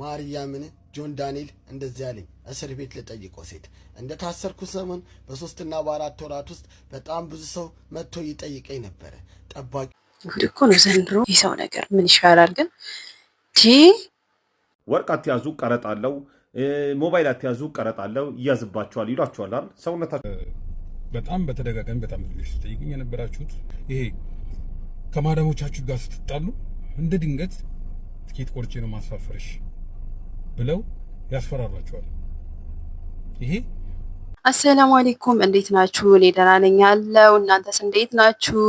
ማርያምን ጆን ዳንኤል እንደዚህ አለኝ። እስር ቤት ልጠይቀው ሴት እንደ ታሰርኩ ሰሞን በሶስትና በአራት ወራት ውስጥ በጣም ብዙ ሰው መጥቶ ይጠይቀኝ ነበረ። ጠባቂ እኮ ነው ዘንድሮ የሰው ነገር ምን ይሻላል ግን። ወርቅ አትያዙ ቀረጥ አለው፣ ሞባይል አትያዙ ቀረጥ አለው፣ ይያዝባቸዋል ይሏቸዋል ሰውነታቸው በጣም በተደጋጋሚ በጣም ብዙ ጠይቁኝ የነበራችሁት ይሄ ከማዳሞቻችሁ ጋር ስትጣሉ እንደ ድንገት ትኬት ቆርጬ ነው ማስፋፈርሽ ብለው ያስፈራራቸዋል። ይሄ አሰላሙ አሌይኩም እንዴት ናችሁ? እኔ ደህና ነኝ ያለው እናንተስ እንዴት ናችሁ?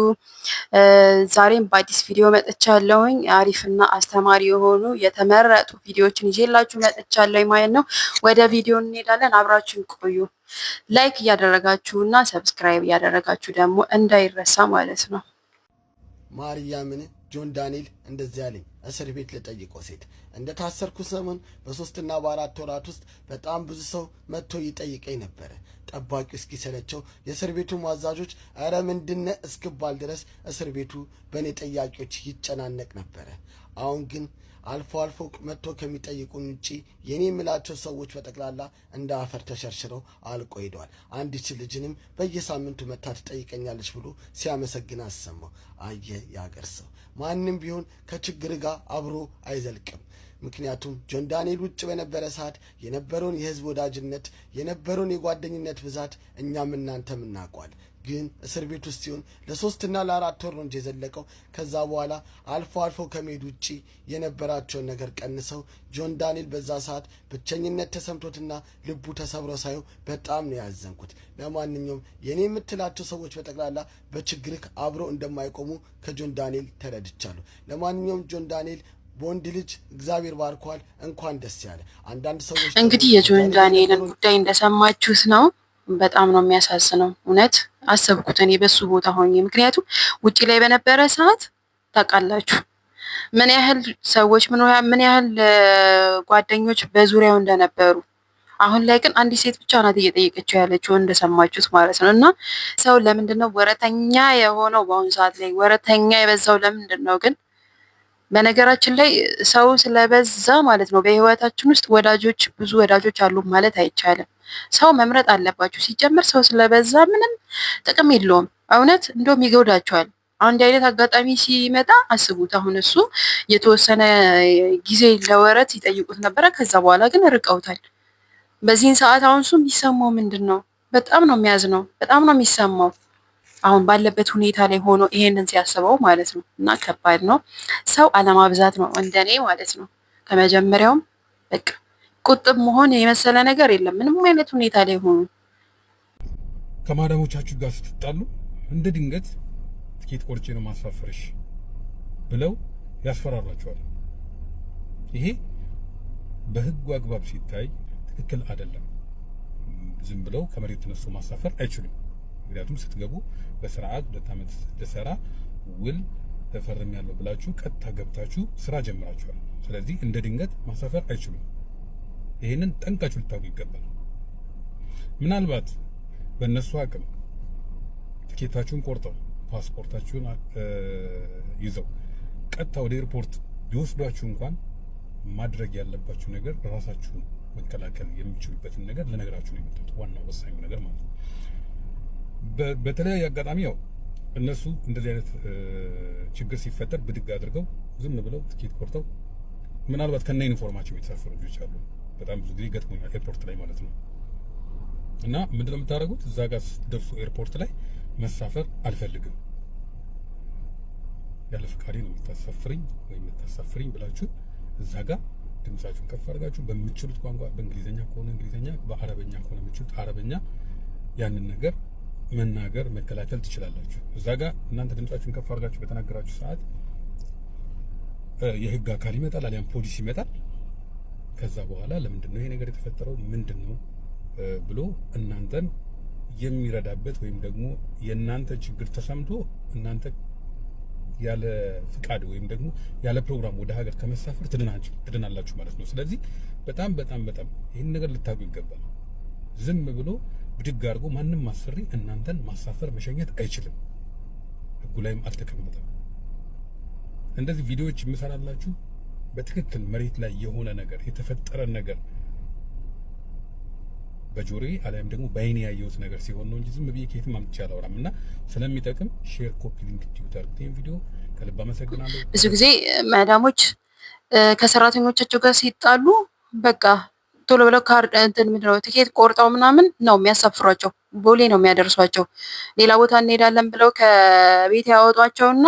ዛሬም በአዲስ ቪዲዮ መጥቻለሁኝ። አሪፍና አስተማሪ የሆኑ የተመረጡ ቪዲዮዎችን ይዤላችሁ መጥቻለሁኝ ማለት ነው። ወደ ቪዲዮ እንሄዳለን። አብራችሁን ቆዩ። ላይክ እያደረጋችሁ እና ሰብስክራይብ እያደረጋችሁ ደግሞ እንዳይረሳ ማለት ነው ማርያምን ጆን ዳንኤል እንደዚህ አለኝ። እስር ቤት ለጠይቆ ሴት እንደ ታሰርኩ ሰሞን በሶስትና በአራት ወራት ውስጥ በጣም ብዙ ሰው መጥቶ ይጠይቀኝ ነበረ። ጠባቂው እስኪሰለቸው የእስር ቤቱ ማዛዦች እረ ምንድነ እስክባል ድረስ እስር ቤቱ በእኔ ጠያቂዎች ይጨናነቅ ነበረ። አሁን ግን አልፎ አልፎ መጥቶ ከሚጠይቁን ውጪ የኔ የምላቸው ሰዎች በጠቅላላ እንደ አፈር ተሸርሽረው አልቆ ሄደዋል። አንዲች ልጅንም በየሳምንቱ መታ ትጠይቀኛለች ብሎ ሲያመሰግን አሰማው። አየ ያገር ሰው ማንም ቢሆን ከችግር ጋር አብሮ አይዘልቅም። ምክንያቱም ጆን ዳንኤል ውጭ በነበረ ሰዓት የነበረውን የህዝብ ወዳጅነት የነበረውን የጓደኝነት ብዛት እኛም እናንተም እናውቋል። ግን እስር ቤት ውስጥ ሲሆን ለሶስትና ለአራት ወር ነው እንጂ የዘለቀው። ከዛ በኋላ አልፎ አልፎ ከመሄድ ውጭ የነበራቸውን ነገር ቀንሰው፣ ጆን ዳንኤል በዛ ሰዓት ብቸኝነት ተሰምቶትና ልቡ ተሰብሮ ሳየው በጣም ነው ያዘንኩት። ለማንኛውም የኔ የምትላቸው ሰዎች በጠቅላላ በችግርህ አብረው እንደማይቆሙ ከጆን ዳንኤል ተረድቻለሁ። ለማንኛውም ጆን ዳንኤል በወንድ ልጅ እግዚአብሔር ባርኳል። እንኳን ደስ ያለ። አንዳንድ ሰዎች እንግዲህ የጆን ዳንኤልን ጉዳይ እንደሰማችሁት ነው። በጣም ነው የሚያሳዝነው። እውነት አሰብኩት እኔ በሱ ቦታ ሆኜ። ምክንያቱም ውጪ ላይ በነበረ ሰዓት ታውቃላችሁ ምን ያህል ሰዎች ምን ያህል ጓደኞች በዙሪያው እንደነበሩ አሁን ላይ ግን አንዲት ሴት ብቻ ናት እየጠየቀችው ያለችው እንደሰማችሁት ማለት ነው። እና ሰው ለምንድን ነው ወረተኛ የሆነው በአሁኑ ሰዓት ላይ ወረተኛ የበዛው ለምንድን ነው ግን? በነገራችን ላይ ሰው ስለበዛ ማለት ነው በህይወታችን ውስጥ ወዳጆች ብዙ ወዳጆች አሉ ማለት አይቻልም። ሰው መምረጥ አለባችሁ። ሲጀምር ሰው ስለበዛ ምንም ጥቅም የለውም። እውነት እንደውም ይገውዳቸዋል። አንድ አይነት አጋጣሚ ሲመጣ አስቡት። አሁን እሱ የተወሰነ ጊዜ ለወረት ይጠይቁት ነበረ። ከዛ በኋላ ግን ርቀውታል። በዚህን ሰዓት አሁን እሱ የሚሰማው ምንድን ነው? በጣም ነው የሚያዝ ነው። በጣም ነው የሚሰማው አሁን ባለበት ሁኔታ ላይ ሆኖ ይሄንን ሲያስበው ማለት ነው እና ከባድ ነው። ሰው አለማብዛት ነው እንደኔ ማለት ነው። ከመጀመሪያውም በቃ ቁጥብ መሆን የመሰለ ነገር የለም ምንም አይነት ሁኔታ ላይ ሆኖ። ከማዳሞቻችሁ ጋር ስትጣሉ እንደ ድንገት ትኬት ቆርጬ ነው ማስፋፈርሽ ብለው ያስፈራሯቸዋል። ይሄ በህጉ አግባብ ሲታይ ትክክል አይደለም። ዝም ብለው ከመሬት ተነስቶ ማሳፈር አይችሉም። ምክንያቱም ስትገቡ በስርዓት ሁለት ዓመት ልሰራ ውል ተፈርም ያለው ብላችሁ ቀጥታ ገብታችሁ ስራ ጀምራችኋል። ስለዚህ እንደ ድንገት ማሳፈር አይችሉም። ይህንን ጠንቃችሁ ልታውቁ ይገባል። ምናልባት በእነሱ አቅም ትኬታችሁን ቆርጠው ፓስፖርታችሁን ይዘው ቀጥታ ወደ ኤርፖርት ቢወስዷችሁ እንኳን ማድረግ ያለባችሁ ነገር ራሳችሁን መከላከል የምችሉበትን ነገር ልነግራችሁ ነው የመጣሁት። ዋናው ወሳኙ ነገር ማለት ነው። በተለያየ አጋጣሚ ያው እነሱ እንደዚህ አይነት ችግር ሲፈጠር ብድግ አድርገው ዝም ብለው ትኬት ቆርጠው ምናልባት ከነ ዩኒፎርማቸው የተሳፈሩ ልጆች አሉ። በጣም ብዙ ጊዜ ገጥሞኛል፣ ኤርፖርት ላይ ማለት ነው። እና ምንድን ነው የምታደርጉት? እዛ ጋር ስትደርሱ ኤርፖርት ላይ መሳፈር አልፈልግም ያለ ፍቃዴ ነው የምታሳፍርኝ ወይም የምታሳፍርኝ ብላችሁ እዛ ጋር ድምጻችሁን ከፍ አድርጋችሁ በምችሉት ቋንቋ በእንግሊዝኛ ከሆነ እንግሊዝኛ፣ በአረበኛ ከሆነ የምችሉት አረበኛ ያንን ነገር መናገር መከላከል ትችላላችሁ። እዛ ጋር እናንተ ድምጻችሁን ከፍ አድርጋችሁ በተናገራችሁ ሰዓት የህግ አካል ይመጣል፣ አሊያም ፖሊስ ይመጣል። ከዛ በኋላ ለምንድን ነው ይሄ ነገር የተፈጠረው ምንድን ነው ብሎ እናንተን የሚረዳበት ወይም ደግሞ የእናንተ ችግር ተሰምቶ እናንተ ያለ ፍቃድ ወይም ደግሞ ያለ ፕሮግራም ወደ ሀገር ከመሳፈር ትድናላችሁ ማለት ነው። ስለዚህ በጣም በጣም በጣም ይህን ነገር ልታውቁ ይገባል። ዝም ብሎ ብድግ አድርጎ ማንም ማሰሪ እናንተን ማሳፈር መሸኘት አይችልም። ህጉ ላይም አልተቀመጠም። እንደዚህ ቪዲዮዎች የምሰራላችሁ በትክክል መሬት ላይ የሆነ ነገር የተፈጠረ ነገር በጆሬ አሊያም ደግሞ በአይኔ ያየሁት ነገር ሲሆን ነው እንጂ ዝም ብዬ ከየትም አምጥቼ አላወራም። እና ስለሚጠቅም ሼር፣ ኮፒ ሊንክ ዲዩታርክ ቪዲዮ ከልብ አመሰግናለሁ። ብዙ ጊዜ መዳሞች ከሰራተኞቻቸው ጋር ሲጣሉ በቃ ቶሎ ብለው ካርድ እንትን ምንድን ነው ትኬት ቆርጠው ምናምን ነው የሚያሳፍሯቸው። ቦሌ ነው የሚያደርሷቸው። ሌላ ቦታ እንሄዳለን ብለው ከቤት ያወጧቸውና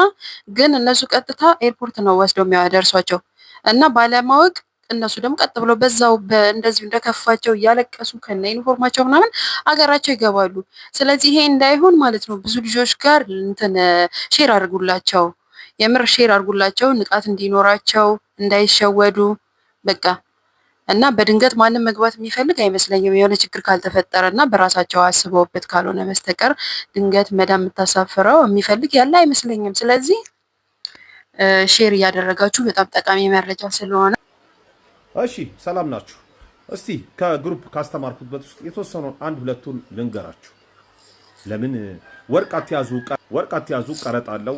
ግን እነሱ ቀጥታ ኤርፖርት ነው ወስደው የሚያደርሷቸው እና ባለማወቅ እነሱ ደግሞ ቀጥ ብለው በዛው እንደዚሁ እንደከፋቸው እያለቀሱ ከነ ዩኒፎርማቸው ምናምን አገራቸው ይገባሉ። ስለዚህ ይሄ እንዳይሆን ማለት ነው ብዙ ልጆች ጋር እንትን ሼር አድርጉላቸው፣ የምር ሼር አድርጉላቸው፣ ንቃት እንዲኖራቸው እንዳይሸወዱ በቃ እና በድንገት ማንም መግባት የሚፈልግ አይመስለኝም። የሆነ ችግር ካልተፈጠረ እና በራሳቸው አስበውበት ካልሆነ በስተቀር ድንገት መዳም የምታሳፍረው የሚፈልግ ያለ አይመስለኝም። ስለዚህ ሼር እያደረጋችሁ በጣም ጠቃሚ መረጃ ስለሆነ እሺ፣ ሰላም ናችሁ። እስቲ ከግሩፕ ካስተማርኩበት ውስጥ የተወሰኑን አንድ ሁለቱን ልንገራችሁ። ለምን ወርቅ አትያዙ፣ ወርቅ አትያዙ፣ ቀረጥ አለው።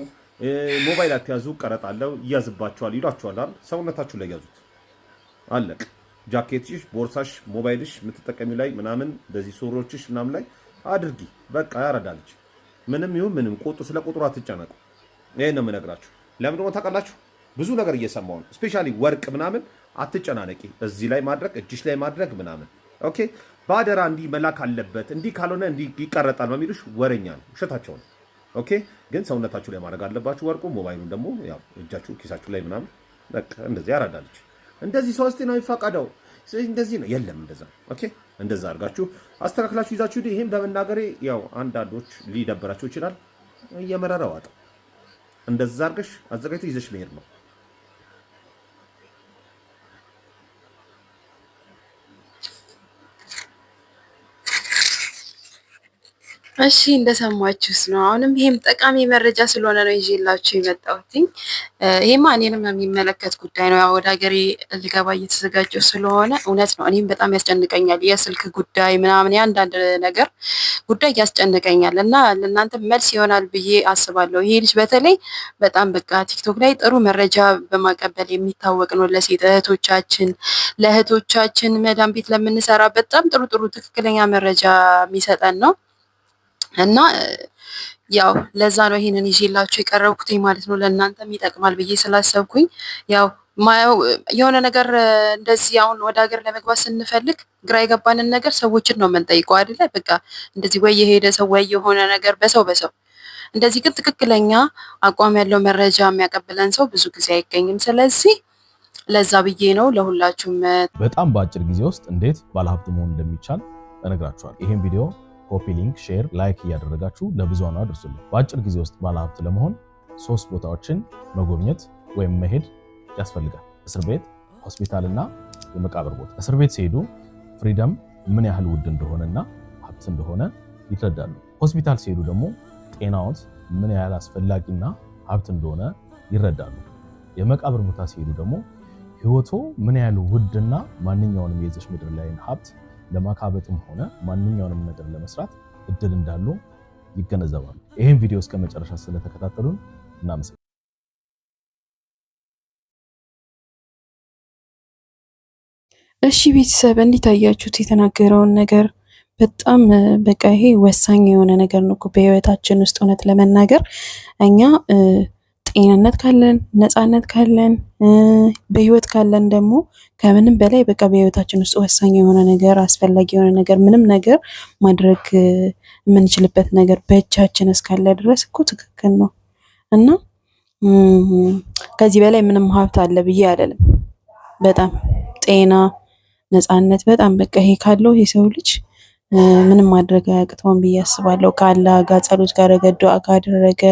ሞባይል አትያዙ፣ ቀረጥ አለው። ይያዝባችኋል ይሏችኋል። ሰውነታችሁ ላይ ያዙት፣ አለቅ ጃኬትሽ፣ ቦርሳሽ፣ ሞባይልሽ የምትጠቀሚ ላይ ምናምን በዚህ ሱሪዎችሽ ምናምን ላይ አድርጊ። በቃ ያረዳልች። ምንም ይሁን ምንም ቁጡ ስለ ቁጥሩ አትጨነቁ። ይህን ነው የምነግራችሁ። ለምን ደግሞ ታውቃላችሁ? ብዙ ነገር እየሰማሁ ነው። ስፔሻሊ ወርቅ ምናምን አትጨናነቂ። እዚህ ላይ ማድረግ እጅሽ ላይ ማድረግ ምናምን ኦኬ። በአደራ እንዲህ መላክ አለበት እንዲህ ካልሆነ እንዲህ ይቀረጣል በሚሉሽ ወረኛ ነው፣ ውሸታቸው ነው። ኦኬ። ግን ሰውነታችሁ ላይ ማድረግ አለባችሁ። ወርቁ ሞባይሉን ደግሞ ያው እጃችሁ ኪሳችሁ ላይ ምናምን በቃ እንደዚህ ያራዳልች። እንደዚህ ሶስቴ ነው የሚፈቀደው እንደዚህ ነው የለም። እንደዛ ኦኬ፣ እንደዛ አድርጋችሁ አስተካክላችሁ ይዛችሁ ይህም በመናገሬ ያው አንዳንዶች ሊደበራቸው ይችላል። እየመረረ ዋጥ እንደዛ አድርገሽ አዘጋጅቶ ይዘሽ መሄድ ነው። እሺ እንደሰማችሁስ ነው። አሁንም ይሄም ጠቃሚ መረጃ ስለሆነ ነው ይዤላችሁ የመጣሁትኝ። ይሄማ እኔንም የሚመለከት ጉዳይ ነው። ያው ወደ ሀገሬ ልገባ እየተዘጋጀው ስለሆነ እውነት ነው እኔም በጣም ያስጨንቀኛል። የስልክ ጉዳይ ምናምን የአንዳንድ ነገር ጉዳይ ያስጨንቀኛል እና ለእናንተ መልስ ይሆናል ብዬ አስባለሁ። ይሄ ልጅ በተለይ በጣም በቃ ቲክቶክ ላይ ጥሩ መረጃ በማቀበል የሚታወቅ ነው። ለሴት እህቶቻችን ለእህቶቻችን መዳም ቤት ለምንሰራ በጣም ጥሩ ጥሩ ትክክለኛ መረጃ የሚሰጠን ነው። እና ያው ለዛ ነው ይሄንን ይዤላችሁ የቀረብኩትኝ ማለት ነው። ለእናንተም ይጠቅማል ብዬ ስላሰብኩኝ ያው ማየው የሆነ ነገር እንደዚህ አሁን ወደ ሀገር ለመግባት ስንፈልግ ግራ የገባንን ነገር ሰዎችን ነው የምንጠይቀው አይደለ? በቃ እንደዚህ ወይ የሄደ ሰው ወይ የሆነ ነገር በሰው በሰው እንደዚህ ግን ትክክለኛ አቋም ያለው መረጃ የሚያቀብለን ሰው ብዙ ጊዜ አይገኝም። ስለዚህ ለዛ ብዬ ነው ለሁላችሁም በጣም በአጭር ጊዜ ውስጥ እንዴት ባለሀብት መሆን እንደሚቻል እነግራችኋለሁ። ይህም ቪዲዮ ኮፒ ሊንክ፣ ሼር፣ ላይክ እያደረጋችሁ ለብዙሃኑ አድርሱልን። በአጭር ጊዜ ውስጥ ባለሀብት ለመሆን ሶስት ቦታዎችን መጎብኘት ወይም መሄድ ያስፈልጋል። እስር ቤት፣ ሆስፒታል እና የመቃብር ቦታ። እስር ቤት ሲሄዱ ፍሪደም ምን ያህል ውድ እንደሆነና ሀብት እንደሆነ ይረዳሉ። ሆስፒታል ሲሄዱ ደግሞ ጤናዎት ምን ያህል አስፈላጊና ሀብት እንደሆነ ይረዳሉ። የመቃብር ቦታ ሲሄዱ ደግሞ ህይወቶ ምን ያህል ውድና ማንኛውንም የዚች ምድር ላይን ሀብት ለማካበጥም ሆነ ማንኛውንም ነገር ለመስራት እድል እንዳሉ ይገነዘባሉ። ይህን ቪዲዮ እስከ መጨረሻ ስለተከታተሉን እናመሰግናለን። እሺ ቤተሰብ እንዲታያችሁት የተናገረውን ነገር በጣም በቃ ይሄ ወሳኝ የሆነ ነገር ነው በህይወታችን ውስጥ እውነት ለመናገር እኛ ጤንነት ካለን ነፃነት ካለን በህይወት ካለን ደግሞ ከምንም በላይ በቃ በህይወታችን ውስጥ ወሳኝ የሆነ ነገር አስፈላጊ የሆነ ነገር ምንም ነገር ማድረግ የምንችልበት ነገር በእጃችን እስካለ ድረስ እኮ ትክክል ነው እና ከዚህ በላይ ምንም ሀብት አለ ብዬ አይደለም። በጣም ጤና፣ ነፃነት በጣም በቃ ይሄ ካለው የሰው ልጅ ምንም ማድረግ አያቅተውም ብዬ አስባለሁ። ከአላህ ጋር ጸሎት ካደረገ ዱዓ ካደረገ